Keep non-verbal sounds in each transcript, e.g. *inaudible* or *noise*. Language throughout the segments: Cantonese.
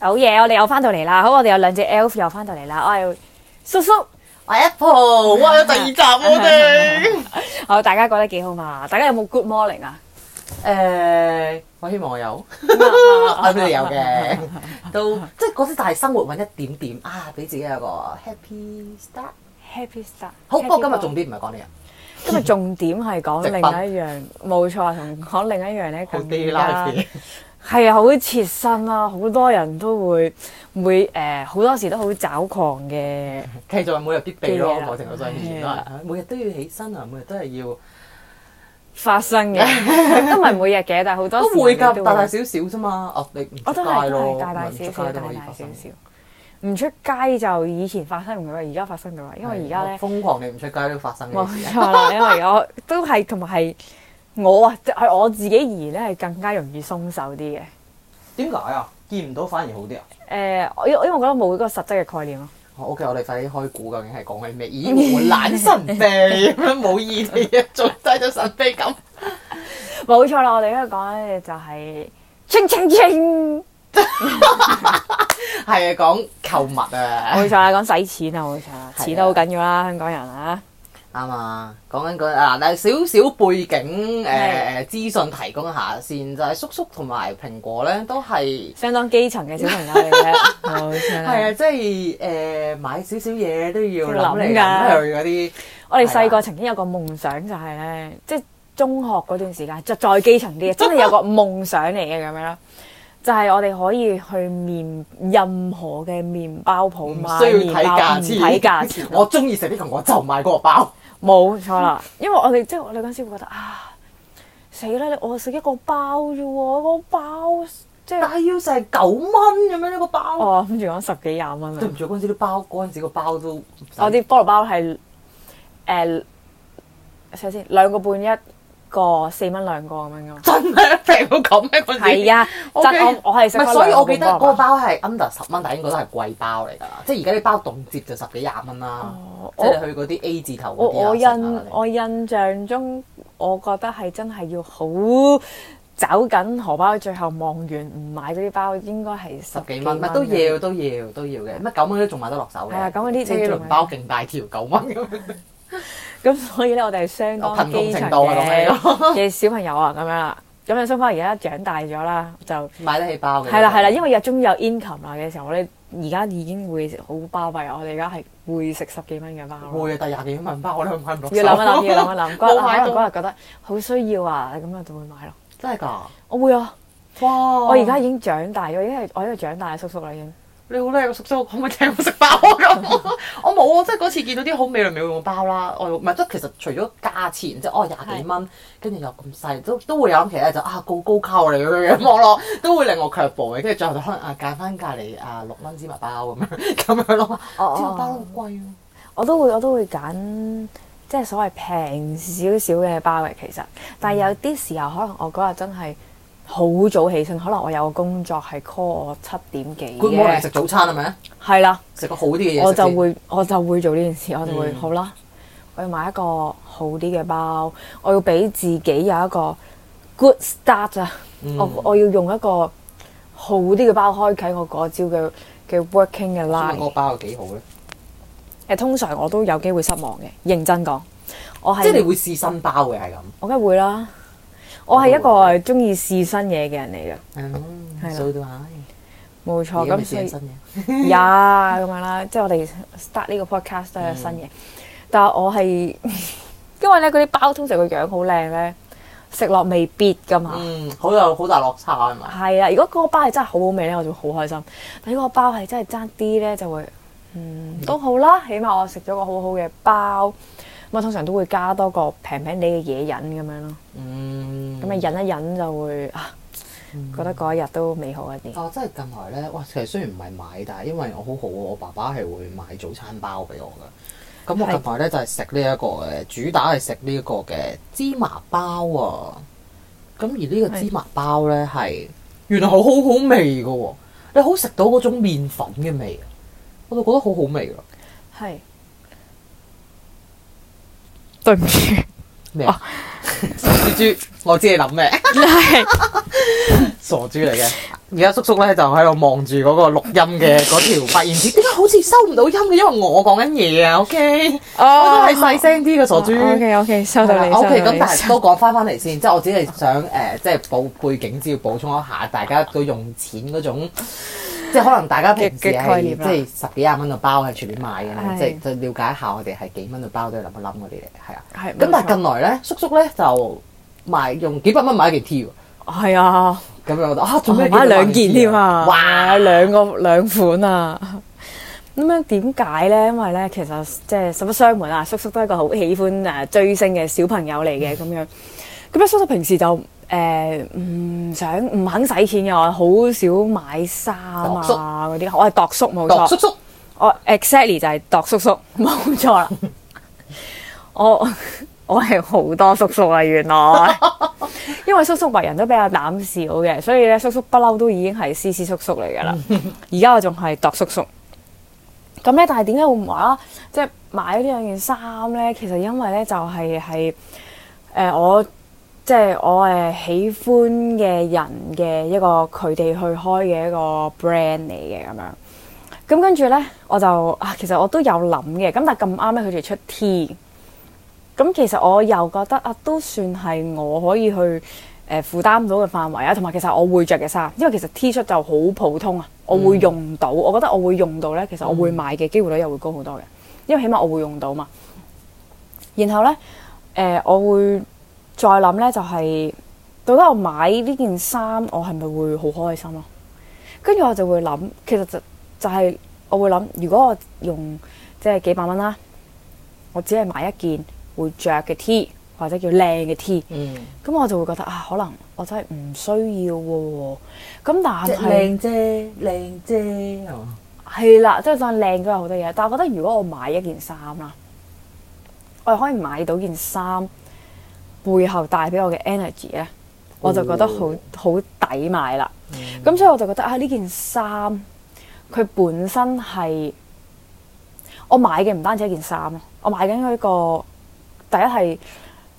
好嘢，我哋又翻到嚟啦。好，我哋有兩隻 elf 又翻到嚟啦。我係，叔叔，我係 apple，我第二集我哋，好，大家過得幾好嘛？大家有冇 good morning 啊？誒，我希望我有，我肯定有嘅，都即係嗰啲大生活揾一點點啊，俾自己有一個 happy start，happy start。好，不過今日重點唔係講呢樣，今日重點係講另一樣，冇錯，同講另一樣咧咁啦。係啊，好切身啊。好多人都會會誒，好多時都好抓狂嘅。其實每日必備咯，我成個當然啦，每日都要起身啊，每日都係要發生嘅，都唔係每日嘅，但係好多都會㗎，大大小小啫嘛。哦，你我真係係大大小小，大大小小。唔出街就以前發生唔到，而家發生嘅啦，因為而家咧瘋狂，你唔出街都發生嘅。冇錯啦，因為我都係同埋係。我啊，係我自己而咧，係更加容易鬆手啲嘅。點解啊？見唔到反而好啲啊？誒、呃，因因我覺得冇嗰個實質嘅概念咯。哦、o、okay, K，我哋快啲開估究竟係講緊咩？咦、哎，無懶神秘咁樣冇意義，做低咗神秘感。冇錯啦，我哋而家講咧就係、是，係清啊，講 *laughs* *laughs* 購物啊，冇錯啊，講使錢啊，冇錯，錢都好緊要啦，的香港人啊。啊嘛，講緊佢嗱，少少背景誒、呃、資訊提供下先。就係叔叔同埋蘋果咧，都係相當基層嘅小朋友嚟嘅，冇錯，係 *laughs* 啊，即係誒買少少嘢都要諗嚟諗去嗰啲。我哋細個曾經有個夢想，就係、是、咧，即、就、係、是、中學嗰段時間，就再基層啲真係有個夢想嚟嘅咁樣咯。 *laughs* 就係我哋可以去麵任何嘅麵包鋪買麵包，唔睇價錢，睇價錢我中意食呢個我就買嗰個包。冇錯啦，因為我哋即係我哋嗰陣時會覺得啊，死啦！我食一個包啫喎，個包即係，大約就係九蚊咁樣一個包。哦，跟住講十幾廿蚊。對唔住，嗰陣時啲包，嗰陣時個包都我啲菠蘿包係誒，首先兩個半一。個四蚊兩個咁樣咯，真係平到咁一個係啊，我係食所以我覺得嗰包係 under 十蚊，但係應該都係貴包嚟㗎。即係而家啲包動輒就十幾廿蚊啦。即係去嗰啲 A 字頭嗰啲。我印我印象中，我覺得係真係要好走緊荷包，最後望完唔買嗰啲包，應該係十幾蚊。唔都要都要都要嘅，乜九蚊都仲買得落手嘅。係啊，九蚊啲最平包，勁大條九蚊。咁所以咧，我哋係相當貧窮程度嘅嘅小朋友啊，咁樣啦。咁樣叔父而家長大咗啦，就買得起包嘅。係啦係啦，因為日中有 income 啦嘅時候，我哋而家已經會好巴閉啊！我哋而家係會食十幾蚊嘅包咯。會啊，但係廿幾蚊包我都買唔到， *laughs* 到。要諗一諗嘅，要諗一諗。可能嗰日覺得好需要啊，咁樣就會買咯。真係㗎？我會啊！哇！我而家已經長大咗，已因為我因為長大嘅叔叔啦已經。你好叻，叔叔可唔可以請我食包咁、啊 *laughs* 啊？我冇啊，即係嗰次見到啲好美味嘅肉包啦，我唔係即係其實除咗價錢即係我廿幾蚊，跟住是又咁細，都都會有。其實咧就啊高高級嚟咁嘢，摸落都會令我卻步嘅。跟住最後就可能啊，揀翻隔離啊六蚊芝麻包咁樣咁樣咯。芝麻、oh oh. 包好貴喎，我都會我都會揀即係所謂平少少嘅包嘅其實，但係有啲時候可能我嗰日真係。好早起身，可能我有個工作係 call 我七點幾嘅。嚟食早餐係咪？係啦的，食個好啲嘅嘢。我就會我就會做呢件事，我就會、嗯、好啦。我要買一個好啲嘅包，我要俾自己有一個 good start 啊、嗯！我我要用一個好啲嘅包開啟我嗰一朝嘅嘅 working 嘅 life。嗰個包幾好咧？誒，通常我都有機會失望嘅，認真講，我係即係你會試新包嘅係咁，我梗係會啦。我係一個中意試新嘢嘅人嚟嘅。係冇錯咁新嘢。呀 *laughs* 咁、yeah，樣啦。即、就、係、是、我哋 start 呢個 podcast 都係新嘢，嗯、但係我係因為咧嗰啲包通常個樣好靚咧，食落未必㗎嘛，好、嗯、有好大落差係咪？係啊，如果嗰個包係真係好好味咧，我就好開心。但係如果個包係真係爭啲咧，就會嗯，嗯都好啦，起碼我食咗個好好嘅包。咁啊，通常都會加多個平平地嘅嘢飲咁樣咯，嗯。咁啊，嗯、你忍一忍就會啊，覺得嗰一日都美好一啲。哦、嗯，真、啊、係近來咧，哇！其實雖然唔係買，但係因為我好好，我爸爸係會買早餐包俾我噶。咁我近排咧就係食呢一個嘅是主打係食呢一個嘅芝麻包啊。咁而呢個芝麻包咧係是原來好好好味嘅喎、哦，你好食到嗰種麵粉嘅味，我就覺得好好味咯。係。對唔住。咩麼啊？ *laughs* 傻豬豬，我知你諗咩， *laughs* 傻豬嚟嘅。而家叔叔咧就喺度望住嗰個錄音嘅嗰條發言紙，點解好似收唔到音嘅？因為我講緊嘢啊，OK，、oh. 我都係細聲啲嘅傻豬。Oh, OK，OK，、okay, okay, 收到你 OK，咁但係都講翻翻嚟先。即係我只係想誒、呃，即係補背景，只要補充一下，大家都用錢嗰種。即係可能大家平時係即係十幾廿蚊個包喺隨便買嘅，即係就瞭解下我哋係幾蚊個包都諗一諗嗰啲嚟，係啊。咁但係近來咧，叔叔咧就買用幾百蚊買一件 T 喎。係啊，咁樣我話啊，做咩買兩件添啊？哇，兩個兩款啊！咁樣點解咧？因為咧，其實即係什麼商門啊，叔叔都係一個好喜歡誒追星嘅小朋友嚟嘅咁樣。咁咧，叔叔平時就。誒，唔、呃、想唔肯使錢嘅我，好少買衫啊嗰啲宿。我係度叔冇錯，叔叔宿，我 exactly 就係度叔叔冇錯啦。 *laughs* 我我係好多叔叔啊，原來， *laughs* 因為叔叔為人都比較膽小嘅，所以咧叔叔不嬲都已經係私私叔叔嚟噶啦。而家 *laughs* 我仲係度叔叔。咁咧，但係點解會唔話啦？即、就、係、是、買咗呢兩件衫咧，其實因為咧就係係誒我。即係我誒喜歡嘅人嘅一個佢哋去開嘅一個 brand 嚟嘅咁樣，咁跟住呢，我就啊，其實我都有諗嘅，咁但係咁啱咧佢哋出 T，咁其實我又覺得啊，都算係我可以去誒負擔到嘅範圍啊，同埋其實我會着嘅衫，因為其實 T 恤就好普通啊，我會用到，嗯、我覺得我會用到呢。其實我會買嘅機會率又會高好多嘅，因為起碼我會用到嘛。然後呢，誒、呃、我會再諗呢，就係、是、到底我買呢件衫，我係咪會好開心咯、啊？跟住我就會諗，其實就就係、是、我會諗，如果我用即係幾百蚊啦，我只係買一件會着嘅 T 或者叫靚嘅 T，咁、嗯、我就會覺得啊，可能我真係唔需要喎、啊。咁但係靚啫，靚啫，係啦，即係想靚都有好多嘢。但我覺得如果我買一件衫啦，我係可以買到件衫。背後帶俾我嘅 energy 咧、哦，我就覺得好好抵買啦。咁、嗯、所以我就覺得啊，呢件衫佢本身係我買嘅，唔單止一件衫咧，我買緊佢、嗰個第一係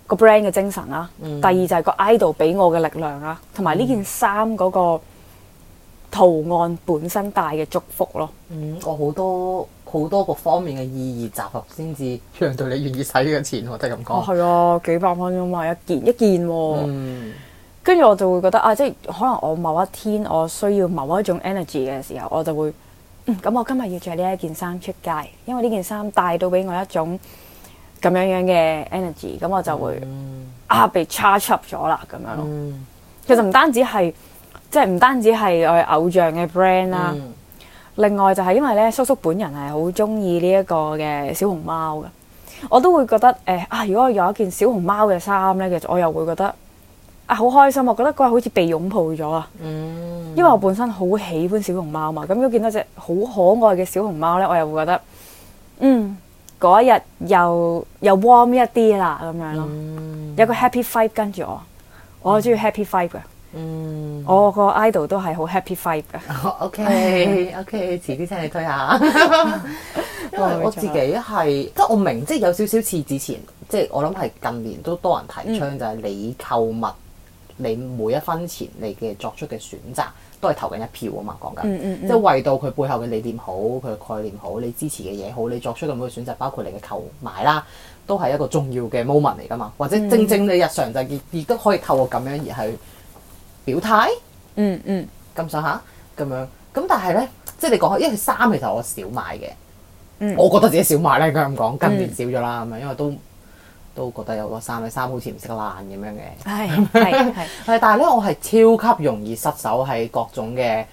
個 brand 嘅精神啦，嗯、第二就係個 idol 俾我嘅力量啦，同埋呢件衫嗰、嗰個。嗯嗰個圖案本身帶嘅祝福咯，嗯，我好多好多個方面嘅意義集合，先至讓到你願意使呢個錢，我係咁講。哦，係啊，幾百蚊咁嘛，一件一件喎，跟住、嗯、我就會覺得啊，即係可能我某一天我需要某一種 energy 嘅時候，我就會，咁、嗯、我今日要着呢一件衫出街，因為呢件衫帶到俾我一種咁樣樣嘅 energy，咁我就會、嗯、啊被 charge up 咗啦，咁樣咯，嗯、其實唔單止係。即係唔單止係我偶像嘅 brand 啦，另外就係因為咧，叔叔本人係好中意呢一個嘅小熊貓嘅，我都會覺得誒啊！如果我有一件小熊貓嘅衫咧，其實我又會覺得啊好開心，我覺得嗰日好似被擁抱咗啊！因為我本身好喜歡小熊貓嘛，咁如果見到隻好可愛嘅小熊貓咧，我又會覺得嗯嗰一日又又 warm 一啲啦，咁樣咯，有個 happy vibe 跟住我，我好中意 happy vibe 嘅。嗯，我個 idol 都係好 happy vibe 噶。OK OK，遲啲聽你推下、 *laughs* *laughs* 嗯，因為我自己係即係我明，即係有少少似之前，即係我諗係近年都多人提倡就係你購物，嗯、你每一分錢你嘅作出嘅選擇都係投緊一票啊嘛。講緊、嗯嗯、即係為到佢背後嘅理念好，佢嘅概念好，嗯嗯、你支持嘅嘢好，你作出咁嘅選擇，包括你嘅購買啦，都係一個重要嘅 moment 嚟噶嘛。或者正正，正你日常就亦亦都可以透過咁樣而去。嗯表態，嗯嗯，咁上下咁樣，咁但係咧，即係你講因為衫其實我少買嘅，嗯、我覺得自己少買咧，應該咁講近年少咗啦，咁樣、嗯，因為都都覺得有個衫咧，衫好似唔識爛咁樣嘅，係係係， *laughs* *laughs* 但係咧，我係超級容易失手喺各種嘅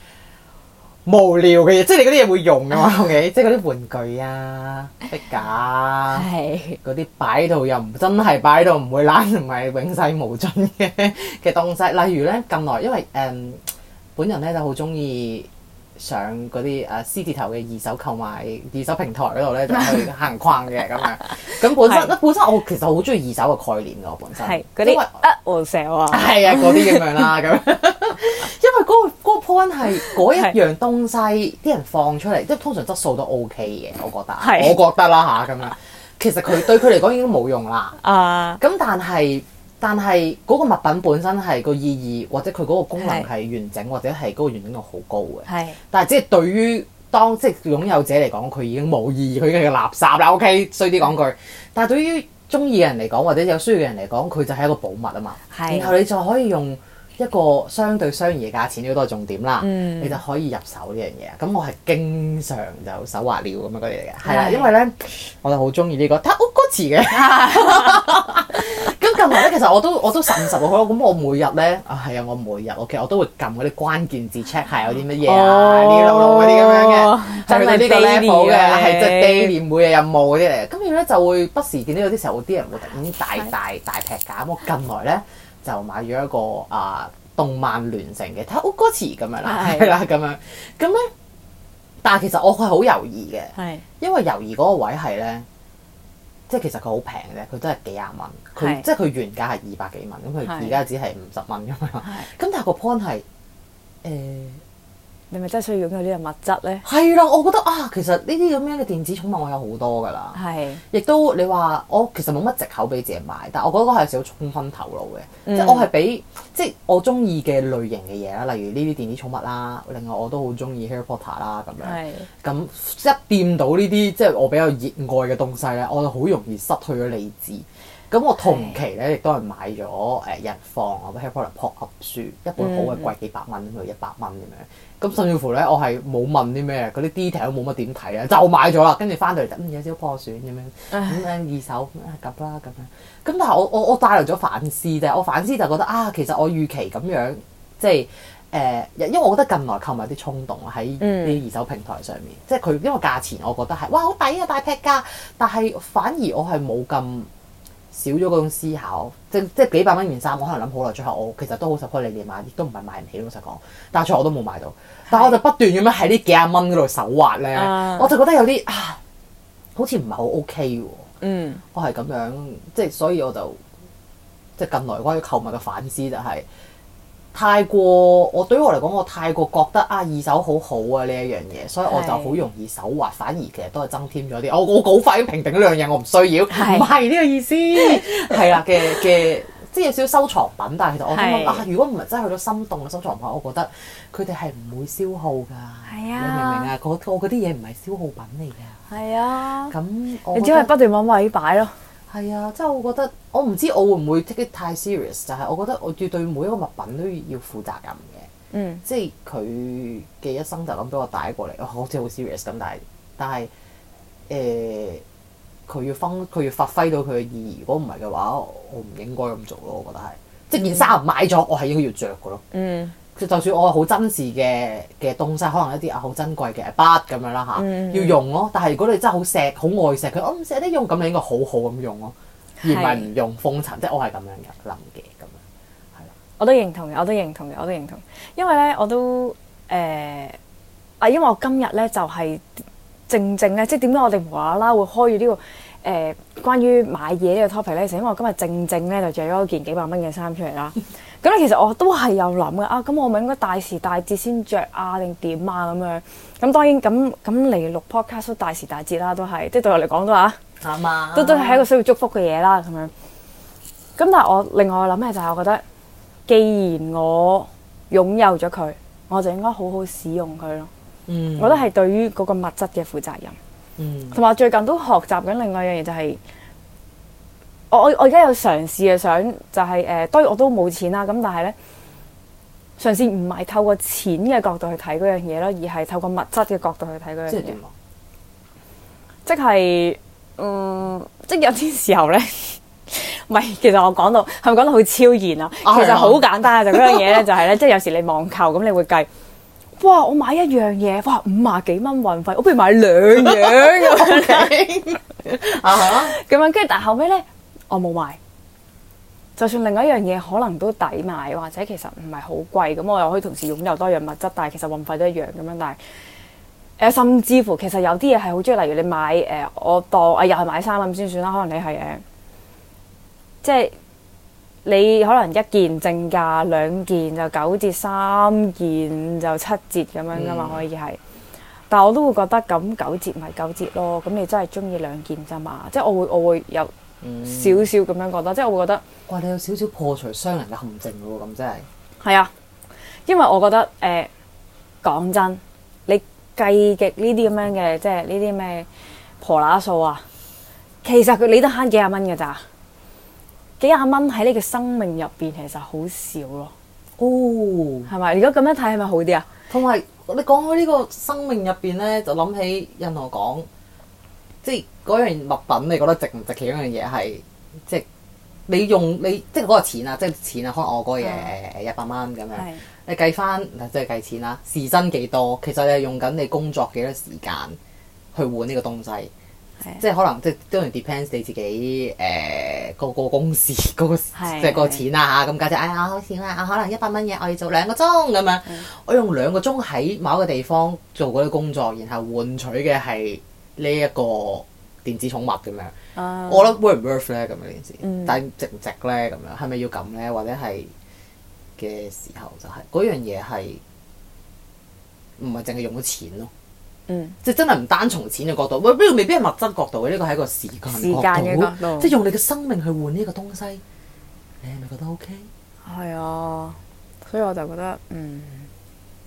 無聊嘅嘢，即係你嗰啲嘢會用㗎嘛，OK？ *laughs* 即係嗰啲玩具啊、壁 *laughs* 架、啊，嗰啲擺度又唔真係擺到唔會爛，唔係永世無盡嘅其實東西。例如咧，近來因為誒、嗯、本人咧就好中意。上嗰啲誒 C 字頭嘅二手購買二手平台嗰度咧，就去行框嘅咁樣。咁本身咧， *laughs* 的本身我其實好中意二手嘅概念嘅，我本身。係嗰啲。因為啊，黃蛇喎。係啊，嗰啲咁樣啦，咁。因為嗰、嗰個 point 係嗰一樣東西，啲 *laughs* 的人放出嚟，即係通常質素都 OK 嘅，我覺得。係的。我覺得啦嚇咁樣。其實佢對佢嚟講已經冇用啦。啊。 *laughs* 咁但係。但係嗰個物品本身係個意義，或者佢嗰個功能係完整，是或者係嗰個完整度好高嘅。係是，但係即係對於當即係、就是、擁有者嚟講，佢已經冇意義，佢已經係垃圾啦。O、okay? K，衰啲講句。但係對於鍾意嘅人嚟講，或者有需要嘅人嚟講，佢就係一個寶物啊嘛。係是，然後你就可以用。一個相對相宜嘅價錢呢都係重點啦，你就可以入手呢樣嘢。咁我係經常就手滑了咁樣嗰啲嘅，係啦，因為咧我就好中意呢個，得個字嘅。咁近來咧，其實我都我都十五十六號，咁我每日咧，啊係啊，我每日其實我都會撳嗰啲關鍵字 check 下有啲乜嘢啊，呢啲囉嗰啲咁樣嘅，係做呢個 daily 嘅，係即係每年每日任務嗰啲嚟。咁然後咧就會不時見到有啲時候有啲人會突然大大大劈價，咁我近來咧。就買咗一個啊、呃、動漫聯乘嘅睇烏歌詞咁樣啦，係啦咁樣，咁咧的，但係其實我係好猶豫嘅，的因為猶豫嗰個位係咧，即係其實佢好平嘅，佢都係幾廿蚊，佢的即係佢原價係二百幾蚊，咁佢而家只係五十蚊咁樣，咁的 *laughs* 但係個 point 係誒。呃你咪真係需要擁有呢個物質咧？係啦，我覺得啊，其實呢啲咁樣嘅電子寵物我有好多噶啦，係的，亦都你話我其實冇乜藉口俾自己買，但係我覺得係有少少衝昏頭腦嘅，即係我係俾即係我中意嘅類型嘅嘢啦，例如呢啲電子寵物啦，另外我都好中意 Harry Potter 啦咁樣，係的，咁一掂到呢啲即係我比較熱愛嘅東西咧，我就好容易失去咗理智。咁我同期咧亦都係買咗誒日放我啊，Harry Potter 破屋書嗯嗯一本好係貴幾百蚊，到一百蚊咁樣。咁、嗯嗯、甚至乎咧，我係冇問啲咩，嗰啲 detail 冇乜點睇啊，就買咗啦。跟住翻到嚟就嗯有少少破損咁樣，咁二手咁，係咁啦咁樣。咁但係我我我帶嚟咗反思就係我反思就覺得啊，其實我預期咁樣即係誒、呃，因為我覺得近來購買啲衝動喺啲二手平台上面，即係佢因為價錢我覺得係哇好抵啊大劈價，但係反而我係冇咁。少咗嗰種思考，即即幾百蚊件衫，我可能諗好耐，最後我其實都好十開嚟買，亦都唔係買唔起，老實講。但係最後我都冇買到，的但我就不斷咁樣喺呢幾廿蚊嗰度手滑咧，啊、我就覺得有啲啊，好似唔係好 OK 喎。嗯，我係咁樣，即係所以我就即係近來關於購物嘅反思就係、是。太過，我對於我嚟講，我太過覺得啊二手好好啊，呢一樣嘢，所以我就好容易手滑。的反而其實都係增添咗啲我我股快啲平定兩樣，我唔需要，唔係呢個意思，係啦嘅嘅，即係有少少收藏品。但係其實我諗的啊，如果唔係真係去到心動嘅收藏品，我覺得佢哋係唔會消耗㗎。係啊的，你明唔明啊？我嗰啲嘢唔係消耗品嚟㗎。係啊的，咁我你只係不斷揾位擺咯。係啊，即係我，我，我，我覺得我唔知我會唔會 take it 太 serious，就係我覺得我要對每一個物品都要負責任嘅，嗯、即係佢嘅一生就諗俾我帶過嚟，好似好 serious 咁，但係但係誒佢要分佢要發揮到佢嘅意義，如果唔係嘅話，我唔應該咁做咯，我覺得係，即件衫買咗，嗯、我係應該要着㗎咯。嗯就算我係好珍視嘅嘅東西，可能一啲啊好珍貴嘅筆咁樣啦嚇，嗯、要用咯。但係如果你真係好錫，好愛錫佢，我唔捨得用，咁你應該好好咁用咯，是而唔係唔用封塵。即係我係咁樣嘅諗嘅咁樣，係啦。我都認同嘅，我都認同嘅，我都認同。因為咧，我都誒啊，因為我今日咧就係正正咧，即係點解我哋無啦啦會開住、這、呢個誒、呃、關於買嘢嘅 topic 咧？就因為我今日正正咧就着咗一件幾百蚊嘅衫出嚟啦。 *laughs* 咁其實我都係有諗嘅啊！咁我咪應該大時大節先着啊，定點啊咁樣？咁當然咁咁嚟錄 podcast 都大時大節啦，都係即係對我嚟講都話啱啊，都都係一個需要祝福嘅嘢啦咁樣。咁但係我另外諗嘅就係我覺得，既然我擁有咗佢，我就應該好好使用佢咯。嗯，我覺得係對於嗰個物質嘅負責任。嗯，同埋最近都學習緊另外一樣嘢就係、是。我我而家有嘗試啊、呃，想就係誒，當然我都冇錢啦。咁但係咧，嘗試唔係透過錢嘅角度去睇嗰樣嘢咯，而係透過物質嘅角度去睇嗰樣嘢。即係點啊？即係嗯，即係有啲時候咧，唔係。其實我講到係咪講到好超然啊？啊其實好簡單啊。就嗰樣嘢咧，就係咧，即係有時你網購咁，你會計哇！我買一樣嘢哇五啊幾蚊運費，我不如買兩樣咁樣。跟住， *laughs* *laughs* *laughs* 但後尾咧。我冇、哦、買，就算另外一樣嘢可能都抵買，或者其實唔係好貴，咁我又可以同時擁有多樣物質，但係其實運費都一樣咁樣，但係、呃、甚至乎其實有啲嘢係好鍾意，例如你買誒、呃，我當啊、呃、又係買衫咁先算啦，可能你係誒、呃，即係你可能一件正價兩件就九折，三件就七折咁樣噶嘛，可以係。嗯、但係我都會覺得咁九折咪九折咯，咁你真係鍾意兩件咋嘛？即係我，我，我會我會有。嗯、少少咁樣覺得，即係我會覺得，哇！你有少少破除商人嘅陷阱咯，咁真係。係啊，因為我覺得誒，講、呃、真，你計極呢啲咁樣嘅，即係呢啲咩婆乸數啊，其實佢你都慳幾廿蚊㗎咋？幾廿蚊喺你嘅生命入邊，其實好少咯。哦，係咪？如果咁樣睇，係咪好啲啊？同埋，你講開呢個生命入邊咧，就諗起《任何港》。即係嗰樣物品，你覺得值唔值？其中一樣嘢係即係你用你即係嗰個錢啊，即係錢啊，哎、可能我嗰個嘢誒一百蚊咁樣。你計翻即係計錢啦，時薪幾多？其實你係用緊你工作幾多時間去換呢個東西，即係可能即係都係 depends 你自己誒個個公司嗰個即係個錢啦嚇咁計啫。哎呀，好錢啦！可能一百蚊嘢，我要做兩個鐘咁樣。的我用兩個鐘喺某一個地方做嗰啲工作，然後換取嘅係。呢一個電子寵物咁樣，uh, 我覺得 worth 唔 worth 咧咁樣件事，嗯、但係值唔值咧咁樣，係咪要咁咧？或者係嘅時候就係、係、嗰樣嘢係唔係淨係用咗錢咯？嗯，即係真係唔單從錢嘅角度，喂，呢個未必係物質角度嘅，呢個係一個時間角度，即係用你嘅生命去換呢一個東西，你係咪覺得 OK？係啊，所以我就覺得嗯。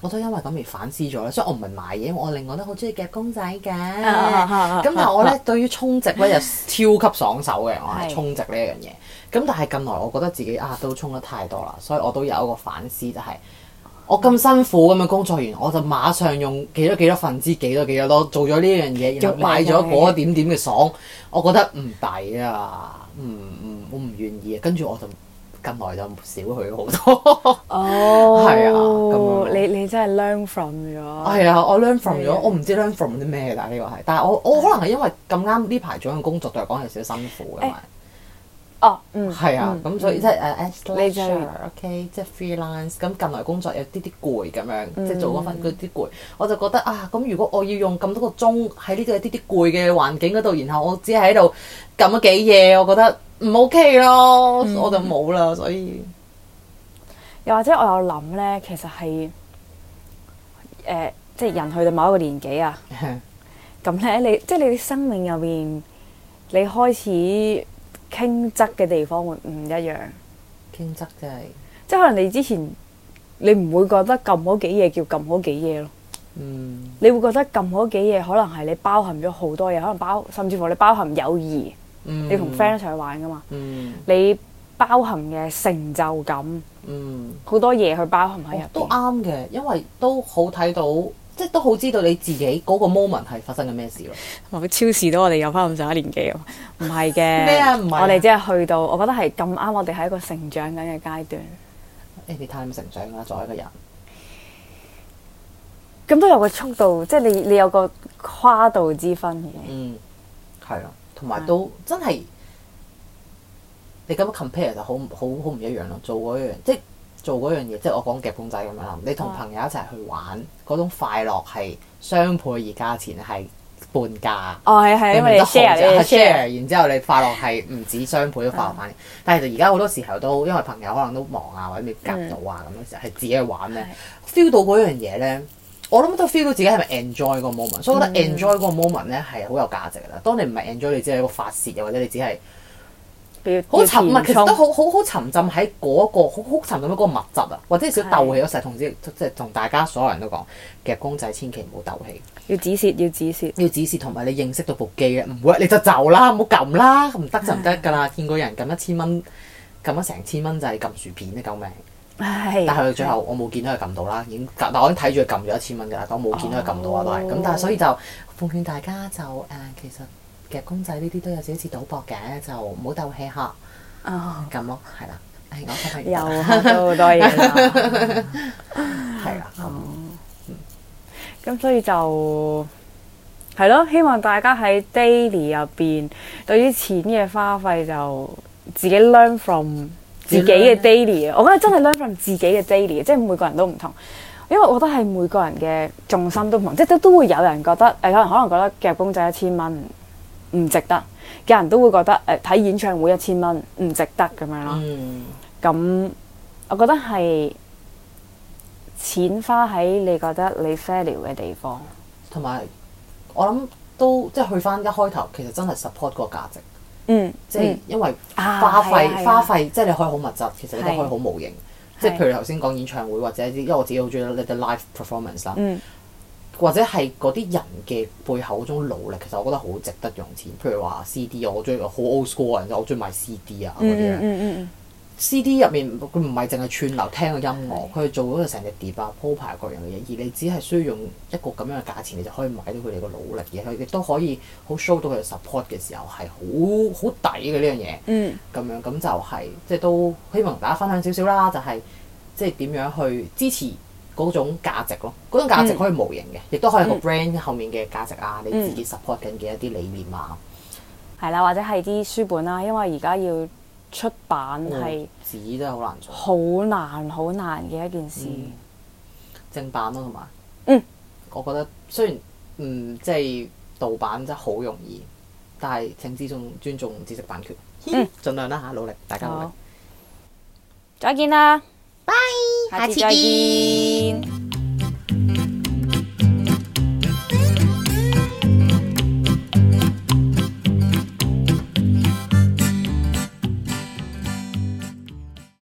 我都因為咁而反思咗啦，所以我唔係買嘢，因為我另外都好中意夾公仔嘅。咁、啊啊啊、但係我咧、啊、對於充值咧又 *laughs* 超級爽手嘅，我係充值呢一樣嘢。咁是但係近來我覺得自己啊都充得太多啦，所以我都有一個反思，就係、是、我咁辛苦咁嘅工作完，我就馬上用幾多幾多分之幾多幾多多做咗呢樣嘢，然後買咗嗰一點點嘅爽，我覺得唔抵啊，唔唔我唔願意啊，跟住我就。近來就少去好多，哦，係啊，咁樣，你你真係 learn from 咗，係啊，我 learn from 咗，我唔知 learn from 啲咩啦，呢個係，但係我我可能係因為咁啱呢排做緊工作，對我嚟講係少辛苦嘅嘛。哦，嗯，係啊，咁所以即係誒，as，sure，OK，即係 freelance。咁近來工作有啲啲攰咁樣，即係做嗰份嗰啲攰，我就覺得啊，咁如果我要用咁多個鐘喺呢度，有啲啲攰嘅環境嗰度，然後我只係喺度撳咗幾嘢，我覺得。唔 OK 咯，嗯、我就冇啦，所以又或者我有諗咧，其實係誒、呃，即係人去到某一個年紀啊，咁咧 *laughs* 你即係你生命入邊，你開始傾側嘅地方會唔一樣？傾側就係、是、即係可能你之前你唔會覺得撳嗰幾嘢叫撳嗰幾嘢咯，嗯，你會覺得撳嗰幾嘢可能係你包含咗好多嘢，可能包甚至乎你包含友誼。你同 friend 一齊去玩噶嘛？嗯、你包含嘅成就感，好、嗯、多嘢去包含喺入面。都啱嘅，因為都好睇到，即係都好知道你自己嗰個 moment 係發生緊咩事咯。咪超時我到我哋有翻咁上下年紀？唔係嘅，咩 *laughs* 啊？唔係我哋只係去到，我覺得係咁啱，我哋喺一個成長緊嘅階段。欸、你 v e r 成長啦，作為一個人，咁都有個速度，即係你你有個跨度之分嘅。嗯，係啊。同埋都真係，你咁樣 compare 就好好好唔一樣咯。做嗰樣即係做嗰樣嘢，即係我講夾公仔咁樣你同朋友一齊去玩，嗰種快樂係雙倍，而價錢係半價。因係係你 share 嘅 share，然之後你快樂係唔止雙倍都、嗯、快樂翻。但係其實而家好多時候都因為朋友可能都忙啊，或者你夾唔到啊咁嘅時候，係、嗯、自己去玩咧，feel、嗯、到嗰樣嘢咧。我諗都 feel 到自己係咪 enjoy 個 moment，、嗯、所以我覺得 enjoy 嗰個 moment 咧係好有價值㗎啦。當你唔係 enjoy，你只係一個發泄，又或者你只係好沉默，其實都好好好沉浸喺嗰、嗰個，好好沉浸喺嗰個物質啊，或者少鬥氣成日是同之即係同大家所有人都講，夾公仔千祈唔好鬥氣，要止蝕，要止蝕，要止蝕，同埋你認識到部機咧唔 work，你就就啦，唔好撳啦，唔得就唔得㗎啦。唉見過人撳一千蚊，撳咗成千蚊就係撳薯片啊，救命！啊、但係最後我冇見到佢撳到啦，已經但我已經睇住佢撳咗一千蚊㗎啦，我冇見到佢撳到啊都係，咁、哦、但係所以就奉勸大家就誒其實其實公仔呢啲都有少少似賭博嘅，就唔好鬥氣嚇，咁咯係啦，誒、啊啊、我係有學到好多嘢啦，係啦，咁咁所以就係咯，希望大家喺 daily 入邊對於錢嘅花費就自己 learn from。自己嘅 daily 我覺得真係 learn from 自己嘅 daily， *laughs* 即係每個人都唔同，因為我覺得係每個人嘅重心都唔同，即都都會有人覺得誒，可、呃、能可能覺得夾公仔一千蚊唔值得，有人都會覺得誒睇、呃、演唱會一千蚊唔值得咁樣咯。咁、嗯、我覺得係錢花喺你覺得你 failure 嘅地方，同埋我諗都即係去返一開頭，其實真係 support 個價值。嗯，即係因為花費、啊、花費，即係你可以好物質，其實你都可以好無形。是即係譬如頭先講演唱會，或者因為我自己好中意你哋 live performance 啦、嗯。或者係嗰啲人嘅背後嗰種努力，其實我覺得好值得用錢。譬如話 CD，我我我中意好 old school 嘅，我中意買 CD 啊嗰啲啊。C D 入面，佢唔係淨係串流聽個音樂，佢係的做嗰個成隻碟啊，鋪排各樣嘅嘢。而你只係需要用一個咁樣嘅價錢，你就可以買到佢哋個努力嘢。佢亦都可以好 show 到佢嘅 support 嘅時候係好好抵嘅呢樣嘢。嗯。咁樣咁就係、是、即係都希望大家分享少少啦，就係、是、即係點樣去支持嗰種價值咯。嗰種價值可以無形嘅，亦都、嗯、可以個 brand 後面嘅價值啊，嗯、你自己 support 緊嘅一啲理念啊。係啦、嗯嗯，或者係啲書本啦、啊，因為而家要出版係紙真係好難做，好難好難嘅一件事。正版咯、啊，同埋嗯，我覺得雖然嗯即係、就是、盜版真係好容易，但係請尊重尊重知識版權，嗯、盡量啦吓，努力大家努力。好，再見啦，拜，Bye, 下次再見。